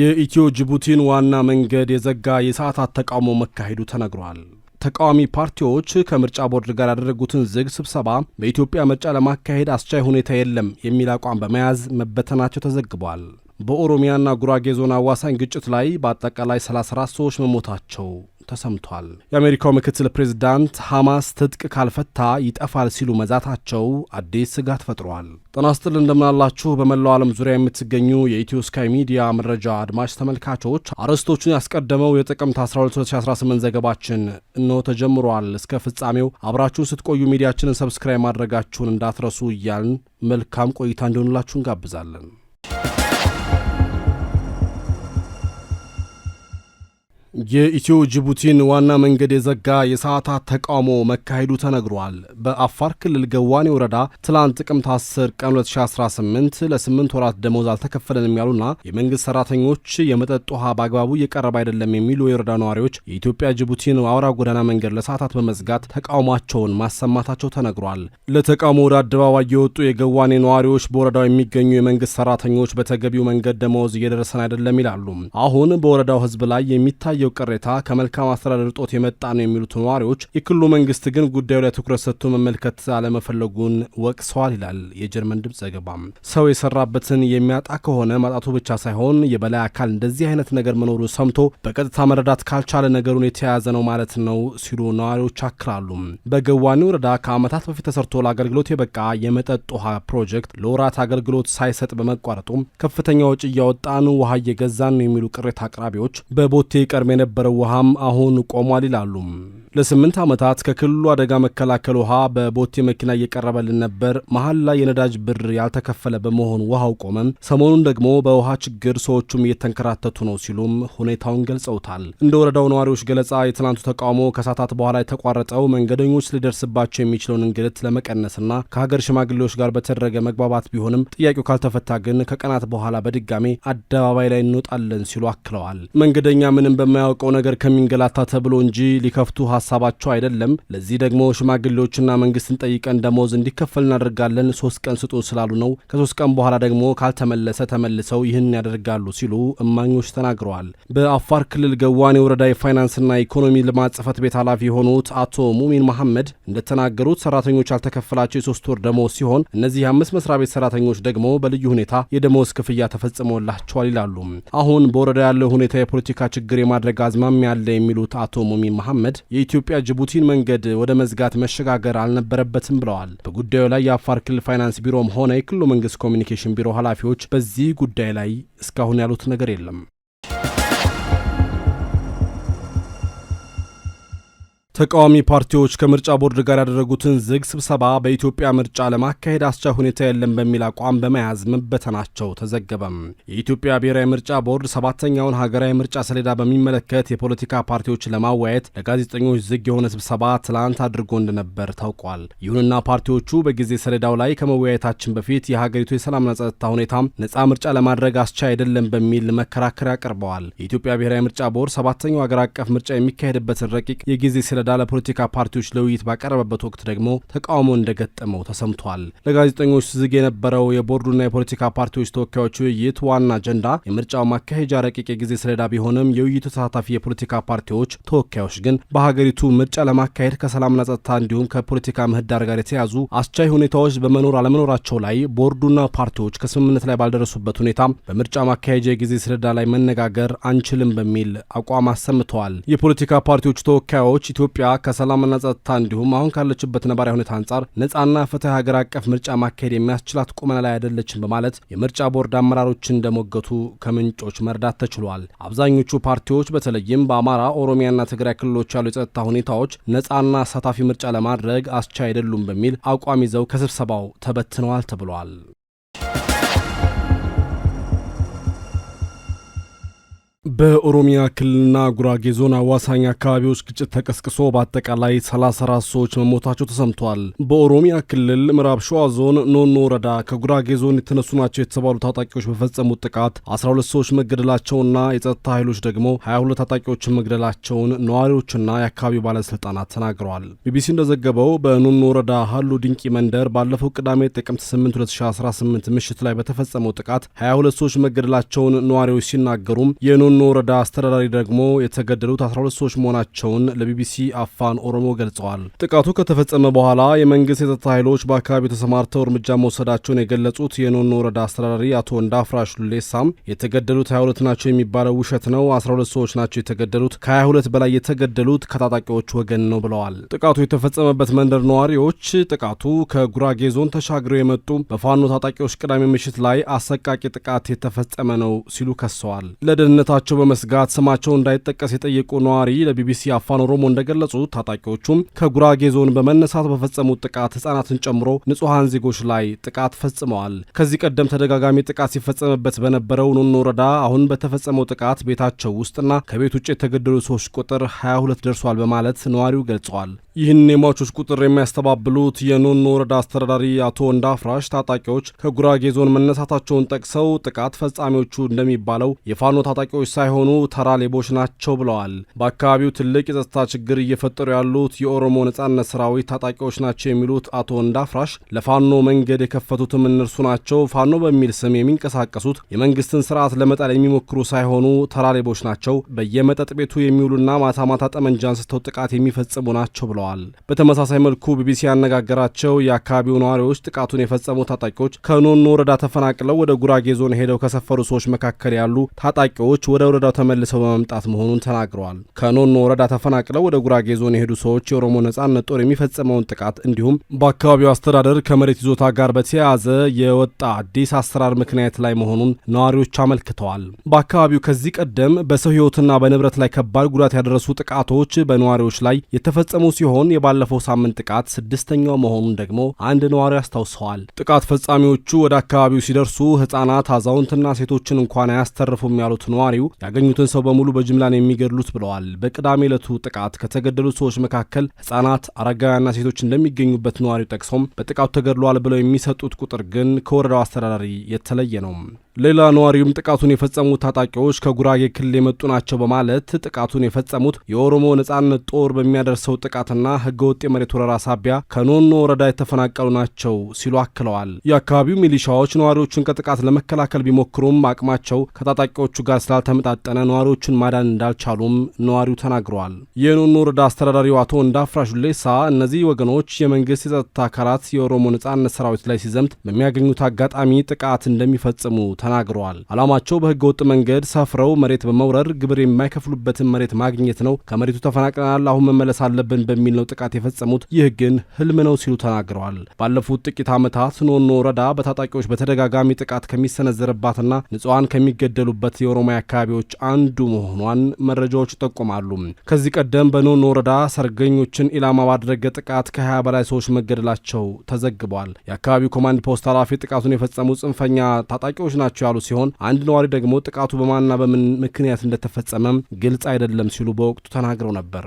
የኢትዮ ጅቡቲን ዋና መንገድ የዘጋ የሰዓታት ተቃውሞ መካሄዱ ተነግሯል። ተቃዋሚ ፓርቲዎች ከምርጫ ቦርድ ጋር ያደረጉትን ዝግ ስብሰባ በኢትዮጵያ ምርጫ ለማካሄድ አስቻይ ሁኔታ የለም የሚል አቋም በመያዝ መበተናቸው ተዘግቧል። በኦሮሚያና ጉራጌ ዞን አዋሳኝ ግጭት ላይ በአጠቃላይ 34 ሰዎች መሞታቸው ተሰምቷል። የአሜሪካው ምክትል ፕሬዚዳንት ሐማስ ትጥቅ ካልፈታ ይጠፋል ሲሉ መዛታቸው አዲስ ስጋት ፈጥሯል። ጤና ይስጥልኝ እንደምናላችሁ በመላው ዓለም ዙሪያ የምትገኙ የኢትዮ ስካይ ሚዲያ መረጃ አድማጭ ተመልካቾች አርዕስቶቹን ያስቀደመው የጥቅምት 12 2018 ዘገባችን እንሆ ተጀምሯል። እስከ ፍጻሜው አብራችሁን ስትቆዩ ሚዲያችንን ሰብስክራይብ ማድረጋችሁን እንዳትረሱ እያልን መልካም ቆይታ እንዲሆንላችሁ እንጋብዛለን። የኢትዮ ጅቡቲን ዋና መንገድ የዘጋ የሰዓታት ተቃውሞ መካሄዱ ተነግሯል። በአፋር ክልል ገዋኔ ወረዳ ትላንት ጥቅምት 10 ቀን 2018 ለስምንት ወራት ደሞዝ አልተከፈለንም ያሉና የመንግስት ሰራተኞች የመጠጥ ውሃ በአግባቡ እየቀረበ አይደለም የሚሉ የወረዳ ነዋሪዎች የኢትዮጵያ ጅቡቲን አውራ ጎዳና መንገድ ለሰዓታት በመዝጋት ተቃውሟቸውን ማሰማታቸው ተነግሯል። ለተቃውሞ ወደ አደባባይ የወጡ የገዋኔ ነዋሪዎች በወረዳው የሚገኙ የመንግስት ሰራተኞች በተገቢው መንገድ ደሞዝ እየደረሰን አይደለም ይላሉ። አሁን በወረዳው ህዝብ ላይ የሚታይ የሚታየው ቅሬታ ከመልካም አስተዳደር ጦት የመጣ ነው የሚሉት ነዋሪዎች፣ የክልሉ መንግስት ግን ጉዳዩ ላይ ትኩረት ሰጥቶ መመልከት አለመፈለጉን ወቅሰዋል ይላል የጀርመን ድምፅ ዘገባ። ሰው የሰራበትን የሚያጣ ከሆነ ማጣቱ ብቻ ሳይሆን የበላይ አካል እንደዚህ አይነት ነገር መኖሩ ሰምቶ በቀጥታ መረዳት ካልቻለ ነገሩን የተያያዘ ነው ማለት ነው ሲሉ ነዋሪዎች አክላሉ። በገዋኒ ወረዳ ከዓመታት በፊት ተሰርቶ ለአገልግሎት የበቃ የመጠጥ ውሃ ፕሮጀክት ለወራት አገልግሎት ሳይሰጥ በመቋረጡም ከፍተኛ ወጪ እያወጣን ውሃ እየገዛን ነው የሚሉ ቅሬታ አቅራቢዎች በቦቴ ቀድሜ የነበረው ውሃም አሁን ቆሟል ይላሉ። ለስምንት ዓመታት ከክልሉ አደጋ መከላከል ውሃ በቦቴ መኪና እየቀረበልን ነበር። መሀል ላይ የነዳጅ ብር ያልተከፈለ በመሆኑ ውሃው ቆመም። ሰሞኑን ደግሞ በውሃ ችግር ሰዎቹም እየተንከራተቱ ነው ሲሉም ሁኔታውን ገልጸውታል። እንደ ወረዳው ነዋሪዎች ገለጻ የትናንቱ ተቃውሞ ከሰዓታት በኋላ የተቋረጠው መንገደኞች ሊደርስባቸው የሚችለውን እንግልት ለመቀነስና ከሀገር ሽማግሌዎች ጋር በተደረገ መግባባት ቢሆንም ጥያቄው ካልተፈታ ግን ከቀናት በኋላ በድጋሜ አደባባይ ላይ እንወጣለን ሲሉ አክለዋል። መንገደኛ ምንም በማ የማያውቀው ነገር ከሚንገላታ ተብሎ እንጂ ሊከፍቱ ሀሳባቸው አይደለም። ለዚህ ደግሞ ሽማግሌዎችና መንግስትን ጠይቀን ደሞዝ እንዲከፈል እናደርጋለን፣ ሶስት ቀን ስጡን ስላሉ ነው። ከሶስት ቀን በኋላ ደግሞ ካልተመለሰ ተመልሰው ይህን ያደርጋሉ ሲሉ እማኞች ተናግረዋል። በአፋር ክልል ገዋኔ ወረዳ የፋይናንስና ኢኮኖሚ ልማት ጽህፈት ቤት ኃላፊ የሆኑት አቶ ሙሚን መሐመድ እንደተናገሩት ሰራተኞች ያልተከፈላቸው የሶስት ወር ደሞዝ ሲሆን እነዚህ የአምስት መስሪያ ቤት ሰራተኞች ደግሞ በልዩ ሁኔታ የደሞዝ ክፍያ ተፈጽሞላቸዋል ይላሉ። አሁን በወረዳ ያለው ሁኔታ የፖለቲካ ችግር የማድረግ የማድረግ አዝማሚያ አለ የሚሉት አቶ ሙሚ መሐመድ የኢትዮጵያ ጅቡቲን መንገድ ወደ መዝጋት መሸጋገር አልነበረበትም ብለዋል። በጉዳዩ ላይ የአፋር ክልል ፋይናንስ ቢሮም ሆነ የክልሉ መንግስት ኮሚኒኬሽን ቢሮ ኃላፊዎች በዚህ ጉዳይ ላይ እስካሁን ያሉት ነገር የለም። ተቃዋሚ ፓርቲዎች ከምርጫ ቦርድ ጋር ያደረጉትን ዝግ ስብሰባ በኢትዮጵያ ምርጫ ለማካሄድ አስቻ ሁኔታ የለም በሚል አቋም በመያዝ መበተናቸው ተዘገበም። የኢትዮጵያ ብሔራዊ ምርጫ ቦርድ ሰባተኛውን ሀገራዊ ምርጫ ሰሌዳ በሚመለከት የፖለቲካ ፓርቲዎች ለማወያየት ለጋዜጠኞች ዝግ የሆነ ስብሰባ ትላንት አድርጎ እንደነበር ታውቋል። ይሁንና ፓርቲዎቹ በጊዜ ሰሌዳው ላይ ከመወያየታችን በፊት የሀገሪቱ የሰላምና ጸጥታ ሁኔታም ነፃ ምርጫ ለማድረግ አስቻ አይደለም በሚል መከራከሪያ አቅርበዋል። የኢትዮጵያ ብሔራዊ ምርጫ ቦርድ ሰባተኛው ሀገር አቀፍ ምርጫ የሚካሄድበትን ረቂቅ የጊዜ እንዲረዳ ለፖለቲካ ፓርቲዎች ለውይይት ባቀረበበት ወቅት ደግሞ ተቃውሞ እንደገጠመው ተሰምቷል። ለጋዜጠኞች ዝግ የነበረው የቦርዱና የፖለቲካ ፓርቲዎች ተወካዮች ውይይት ዋና አጀንዳ የምርጫው ማካሄጃ ረቂቅ የጊዜ ሰሌዳ ቢሆንም የውይይቱ ተሳታፊ የፖለቲካ ፓርቲዎች ተወካዮች ግን በሀገሪቱ ምርጫ ለማካሄድ ከሰላምና ጸጥታ እንዲሁም ከፖለቲካ ምህዳር ጋር የተያዙ አስቻይ ሁኔታዎች በመኖር አለመኖራቸው ላይ ቦርዱና ፓርቲዎች ከስምምነት ላይ ባልደረሱበት ሁኔታ በምርጫ ማካሄጃ የጊዜ ሰሌዳ ላይ መነጋገር አንችልም በሚል አቋም አሰምተዋል። የፖለቲካ ፓርቲዎቹ ተወካዮች ኢትዮ ኢትዮጵያ ከሰላምና ጸጥታ እንዲሁም አሁን ካለችበት ነባራዊ ሁኔታ አንጻር ነጻና ፍትህ ሀገር አቀፍ ምርጫ ማካሄድ የሚያስችላት ቁመና ላይ አይደለችም በማለት የምርጫ ቦርድ አመራሮች እንደሞገቱ ከምንጮች መርዳት ተችሏል። አብዛኞቹ ፓርቲዎች በተለይም በአማራ ኦሮሚያና ትግራይ ክልሎች ያሉ የጸጥታ ሁኔታዎች ነጻና አሳታፊ ምርጫ ለማድረግ አስቻ አይደሉም በሚል አቋም ይዘው ከስብሰባው ተበትነዋል ተብሏል። በኦሮሚያ ክልልና ጉራጌ ዞን አዋሳኝ አካባቢዎች ግጭት ተቀስቅሶ በአጠቃላይ 34 ሰዎች መሞታቸው ተሰምቷል። በኦሮሚያ ክልል ምዕራብ ሸዋ ዞን ኖኖ ወረዳ ከጉራጌ ዞን የተነሱ ናቸው የተባሉ ታጣቂዎች በፈጸሙት ጥቃት 12 ሰዎች መገደላቸውና የጸጥታ ኃይሎች ደግሞ 22 ታጣቂዎችን መግደላቸውን ነዋሪዎችና የአካባቢው ባለስልጣናት ተናግረዋል። ቢቢሲ እንደዘገበው በኖኖ ወረዳ ሀሉ ድንቂ መንደር ባለፈው ቅዳሜ ጥቅምት 8 2018 ምሽት ላይ በተፈጸመው ጥቃት 22 ሰዎች መገደላቸውን ነዋሪዎች ሲናገሩም የኖኖ ወረዳ አስተዳዳሪ ደግሞ የተገደሉት 12 ሰዎች መሆናቸውን ለቢቢሲ አፋን ኦሮሞ ገልጸዋል። ጥቃቱ ከተፈጸመ በኋላ የመንግስት የጸጥታ ኃይሎች በአካባቢው ተሰማርተው እርምጃ መውሰዳቸውን የገለጹት የኖኖ ወረዳ አስተዳዳሪ አቶ ወንዳፍራሽ ሉሌሳም የተገደሉት 22 ናቸው የሚባለው ውሸት ነው፣ 12 ሰዎች ናቸው የተገደሉት፣ ከ22 በላይ የተገደሉት ከታጣቂዎች ወገን ነው ብለዋል። ጥቃቱ የተፈጸመበት መንደር ነዋሪዎች ጥቃቱ ከጉራጌ ዞን ተሻግረው የመጡ በፋኖ ታጣቂዎች ቅዳሜ ምሽት ላይ አሰቃቂ ጥቃት የተፈጸመ ነው ሲሉ ከሰዋል። ለደህንነታቸው ለደህንነታቸው በመስጋት ስማቸው እንዳይጠቀስ የጠየቁ ነዋሪ ለቢቢሲ አፋን ኦሮሞ እንደገለጹት ታጣቂዎቹም ከጉራጌ ዞን በመነሳት በፈጸሙት ጥቃት ህጻናትን ጨምሮ ንጹሐን ዜጎች ላይ ጥቃት ፈጽመዋል። ከዚህ ቀደም ተደጋጋሚ ጥቃት ሲፈጸምበት በነበረው ኖኖ ወረዳ አሁን በተፈጸመው ጥቃት ቤታቸው ውስጥና ከቤት ውጭ የተገደሉ ሰዎች ቁጥር 22 ደርሷል በማለት ነዋሪው ገልጸዋል። ይህን የሟቾች ቁጥር የሚያስተባብሉት የኖኖ ወረዳ አስተዳዳሪ አቶ እንዳፍራሽ ታጣቂዎች ከጉራጌ ዞን መነሳታቸውን ጠቅሰው ጥቃት ፈጻሚዎቹ እንደሚባለው የፋኖ ታጣቂዎች ሳይሆኑ ተራ ሌቦች ናቸው ብለዋል። በአካባቢው ትልቅ የጸጥታ ችግር እየፈጠሩ ያሉት የኦሮሞ ነጻነት ሰራዊት ታጣቂዎች ናቸው የሚሉት አቶ እንዳፍራሽ ለፋኖ መንገድ የከፈቱትም እነርሱ ናቸው። ፋኖ በሚል ስም የሚንቀሳቀሱት የመንግስትን ስርዓት ለመጣል የሚሞክሩ ሳይሆኑ ተራ ሌቦች ናቸው። በየመጠጥ ቤቱ የሚውሉና ማታ ማታ ጠመንጃ አንስተው ጥቃት የሚፈጽሙ ናቸው ብለዋል። ብለዋል። በተመሳሳይ መልኩ ቢቢሲ ያነጋገራቸው የአካባቢው ነዋሪዎች ጥቃቱን የፈጸሙ ታጣቂዎች ከኖኖ ወረዳ ተፈናቅለው ወደ ጉራጌ ዞን ሄደው ከሰፈሩ ሰዎች መካከል ያሉ ታጣቂዎች ወደ ወረዳው ተመልሰው በመምጣት መሆኑን ተናግረዋል። ከኖኖ ወረዳ ተፈናቅለው ወደ ጉራጌ ዞን የሄዱ ሰዎች የኦሮሞ ነጻነት ጦር የሚፈጸመውን ጥቃት እንዲሁም በአካባቢው አስተዳደር ከመሬት ይዞታ ጋር በተያያዘ የወጣ አዲስ አሰራር ምክንያት ላይ መሆኑን ነዋሪዎች አመልክተዋል። በአካባቢው ከዚህ ቀደም በሰው ሕይወትና በንብረት ላይ ከባድ ጉዳት ያደረሱ ጥቃቶች በነዋሪዎች ላይ የተፈጸሙ ሲሆን ሲሆን የባለፈው ሳምንት ጥቃት ስድስተኛው መሆኑን ደግሞ አንድ ነዋሪ አስታውሰዋል። ጥቃት ፈጻሚዎቹ ወደ አካባቢው ሲደርሱ ሕጻናት፣ አዛውንትና ሴቶችን እንኳን አያስተርፉም ያሉት ነዋሪው ያገኙትን ሰው በሙሉ በጅምላን የሚገድሉት ብለዋል። በቅዳሜ ዕለቱ ጥቃት ከተገደሉት ሰዎች መካከል ሕጻናት፣ አረጋውያንና ሴቶች እንደሚገኙበት ነዋሪው ጠቅሶም በጥቃቱ ተገድሏል ብለው የሚሰጡት ቁጥር ግን ከወረዳው አስተዳዳሪ የተለየ ነው። ሌላ ነዋሪውም ጥቃቱን የፈጸሙት ታጣቂዎች ከጉራጌ ክልል የመጡ ናቸው በማለት ጥቃቱን የፈጸሙት የኦሮሞ ነጻነት ጦር በሚያደርሰው ጥቃትና ህገወጥ የመሬት ወረራ ሳቢያ ከኖኖ ወረዳ የተፈናቀሉ ናቸው ሲሉ አክለዋል። የአካባቢው ሚሊሻዎች ነዋሪዎቹን ከጥቃት ለመከላከል ቢሞክሩም አቅማቸው ከታጣቂዎቹ ጋር ስላልተመጣጠነ ነዋሪዎቹን ማዳን እንዳልቻሉም ነዋሪው ተናግረዋል። የኖኖ ወረዳ አስተዳዳሪው አቶ እንዳፍራሽ ሌሳ እነዚህ ወገኖች የመንግስት የጸጥታ አካላት የኦሮሞ ነጻነት ሰራዊት ላይ ሲዘምት በሚያገኙት አጋጣሚ ጥቃት እንደሚፈጽሙ ተናግረዋል። አላማቸው በህገ ወጥ መንገድ ሰፍረው መሬት በመውረር ግብር የማይከፍሉበትን መሬት ማግኘት ነው። ከመሬቱ ተፈናቅለናል፣ አሁን መመለስ አለብን በሚል ነው ጥቃት የፈጸሙት። ይህ ግን ህልም ነው ሲሉ ተናግረዋል። ባለፉት ጥቂት ዓመታት ኖኖ ወረዳ በታጣቂዎች በተደጋጋሚ ጥቃት ከሚሰነዘርባትና ንጹሐን ከሚገደሉበት የኦሮሚያ አካባቢዎች አንዱ መሆኗን መረጃዎች ይጠቁማሉ። ከዚህ ቀደም በኖኖ ወረዳ ሰርገኞችን ኢላማ ባደረገ ጥቃት ከ20 በላይ ሰዎች መገደላቸው ተዘግቧል። የአካባቢው ኮማንድ ፖስት ኃላፊ ጥቃቱን የፈጸሙ ጽንፈኛ ታጣቂዎች ናቸው ናቸው ያሉ ሲሆን አንድ ነዋሪ ደግሞ ጥቃቱ በማንና በምን ምክንያት እንደተፈጸመም ግልጽ አይደለም ሲሉ በወቅቱ ተናግረው ነበር።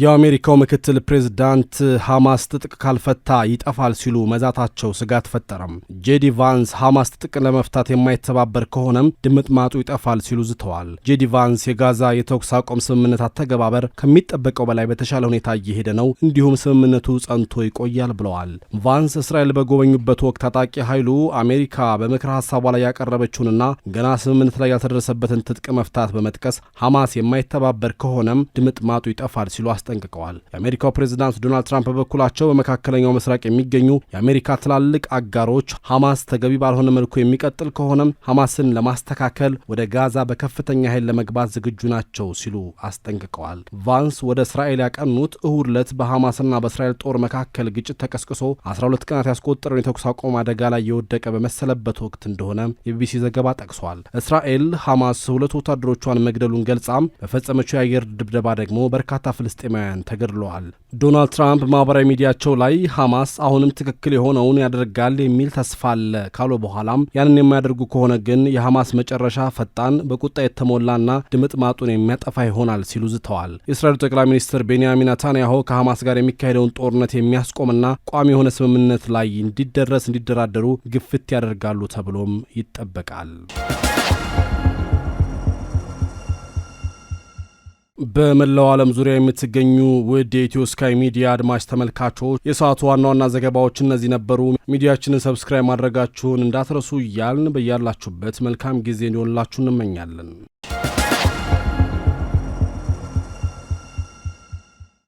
የአሜሪካው ምክትል ፕሬዝዳንት ሐማስ ትጥቅ ካልፈታ ይጠፋል ሲሉ መዛታቸው ስጋት ፈጠረም። ጄዲ ቫንስ ሐማስ ትጥቅ ለመፍታት የማይተባበር ከሆነም ድምጥ ማጡ ይጠፋል ሲሉ ዝተዋል። ጄዲ ቫንስ የጋዛ የተኩስ አቁም ስምምነት አተገባበር ከሚጠበቀው በላይ በተሻለ ሁኔታ እየሄደ ነው፣ እንዲሁም ስምምነቱ ጸንቶ ይቆያል ብለዋል። ቫንስ እስራኤል በጎበኙበት ወቅት ታጣቂ ኃይሉ አሜሪካ በምክረ ሀሳቧ ላይ ያቀረበችውንና ገና ስምምነት ላይ ያልተደረሰበትን ትጥቅ መፍታት በመጥቀስ ሐማስ የማይተባበር ከሆነም ድምጥ ማጡ ይጠፋል ሲሉ አስጠንቅቀዋል። የአሜሪካው ፕሬዚዳንት ዶናልድ ትራምፕ በበኩላቸው በመካከለኛው ምስራቅ የሚገኙ የአሜሪካ ትላልቅ አጋሮች ሐማስ ተገቢ ባልሆነ መልኩ የሚቀጥል ከሆነም ሐማስን ለማስተካከል ወደ ጋዛ በከፍተኛ ኃይል ለመግባት ዝግጁ ናቸው ሲሉ አስጠንቅቀዋል። ቫንስ ወደ እስራኤል ያቀኑት እሁድ ዕለት በሐማስና በእስራኤል ጦር መካከል ግጭት ተቀስቅሶ 12 ቀናት ያስቆጠረውን የተኩስ አቆም አደጋ ላይ የወደቀ በመሰለበት ወቅት እንደሆነ የቢቢሲ ዘገባ ጠቅሷል። እስራኤል ሐማስ ሁለት ወታደሮቿን መግደሉን ገልጻም በፈጸመችው የአየር ድብደባ ደግሞ በርካታ ፍልስጤ ፍልስጤማውያን ተገድለዋል። ዶናልድ ትራምፕ በማህበራዊ ሚዲያቸው ላይ ሐማስ አሁንም ትክክል የሆነውን ያደርጋል የሚል ተስፋ አለ ካሉ በኋላም ያንን የማያደርጉ ከሆነ ግን የሐማስ መጨረሻ ፈጣን፣ በቁጣ የተሞላና ማጡን የሚያጠፋ ይሆናል ሲሉ ዝተዋል። የእስራኤሉ ጠቅላይ ሚኒስትር ቤንያሚን ናታንያሁ ከሐማስ ጋር የሚካሄደውን ጦርነት የሚያስቆምና ቋሚ የሆነ ስምምነት ላይ እንዲደረስ እንዲደራደሩ ግፍት ያደርጋሉ ተብሎም ይጠበቃል። በመላው ዓለም ዙሪያ የምትገኙ ውድ የኢትዮ ስካይ ሚዲያ አድማጭ ተመልካቾች የሰዓቱ ዋና ዋና ዘገባዎች እነዚህ ነበሩ። ሚዲያችንን ሰብስክራይብ ማድረጋችሁን እንዳትረሱ እያልን በያላችሁበት መልካም ጊዜ እንዲሆንላችሁ እንመኛለን።